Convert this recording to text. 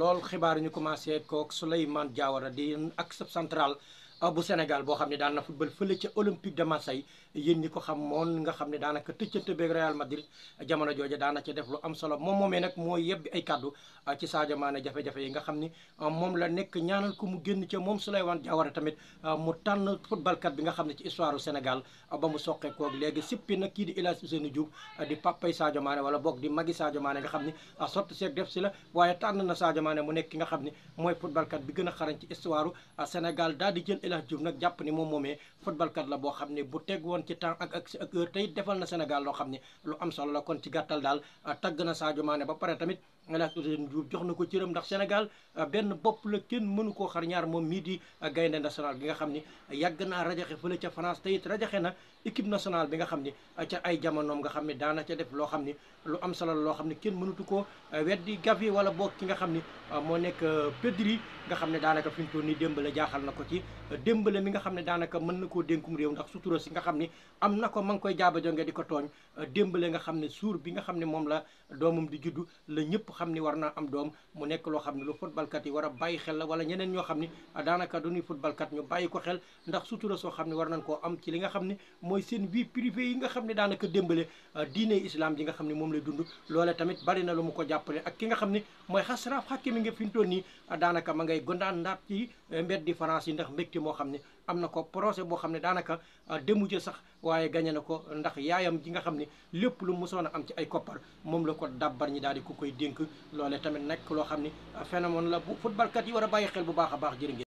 lool xibaar ñu commencé kook Souleymane Diawara di ak sub central Ah, bu Sénégal boo xam ne daan na football fële ca Olympique de Marseille xam ne daanaka tëccante beeg Real Madrid jamono jooja daana def lu am solo moom moomee nag mooy yebbi ay kàddu ah, ci Sadio Mané jafe yi nga xam ni ah, moom la nekk ñaanal ko mu génn ca moom su lay Souleymane Diawara tamit mu tànn footballkat bi nga xam ne ci histoire Sénégal ba mu soqeekoo léegi sippi nag kii di El Hadji Ousseynou Diouf di papay Sadio Mané wala boog di magi Sadio Mané nga xam ni sotti seeg def si la waaye tànn na Sadio Mané mu nekk ki nga xam ni mooy footballkat bi gën a xarañ ci histoire Lat Diop nag jàpp ni moom moomee footballkat la boo xam ne bu teg woon ci temps ak ak ak heure tey defal na Sénégal loo xam ne lu am solo la kon ci gàttal daal tagg na Sadio Mané ba pare tamit Alassane Diouf jox na ko cëram ndax Sénégal euh, benn bopp la kenn mënu koo xar ñaar moom mii di euh, gaynde national bi nga xam ni euh, yàgg naa rajaxe fële ca France te it rajaxe na équipe nationale bi nga xam ni ca ay jamonoom nga xam ni daana ca def loo xam ni lu am solo loo xam ni kenn mënutu koo weddi Gavi wala boog ki nga xam ni moo nekk Pedri nga xam ne daanaka fi mu toll nii Dembélé jaaxal na ko ci Dembélé mi nga xam ne daanaka mën na koo dénkum réew ndax sutura si nga xam ni am na ko ma ngi koy jaaba jonge di ko tooñ Dembélé nga xam ne suur bi nga xam ne moom la doomam di juddu la ñëpp xam ni war naa am doom mu nekk loo xam ne lu footballkat yi war a bàyyi xel la wala ñeneen ñoo xam ni daanaka duñuy footballkat ñu bàyyi ko xel ndax sutura soo xam ne war nañ koo am ci li nga xam ne mooy seen vie privée yi nga xam ne daanaka démbale euh, diine islam yi nga xam ne moom lay dund loole tamit bari na lu mu ko jàppale ak ki nga xam ne mooy Achraf Hakimi nga fi mu toll nii daanaka ma ngay gondaan ndaat ci euh, mbeddi France yi ndax mbégte moo xam ne am na ko procès boo xam ne daanaka euh, demu ci sax waaye gañe na ko ndax yaayam ji nga xam ne lépp lu mosoon a am ci ay koppar moom la ko dabbar ñi daal di ko koy dénk loole tamit nekk loo xam ni phénomène la bu footballkat yi war a bàyyi xel bu baax a baax jërë ngeen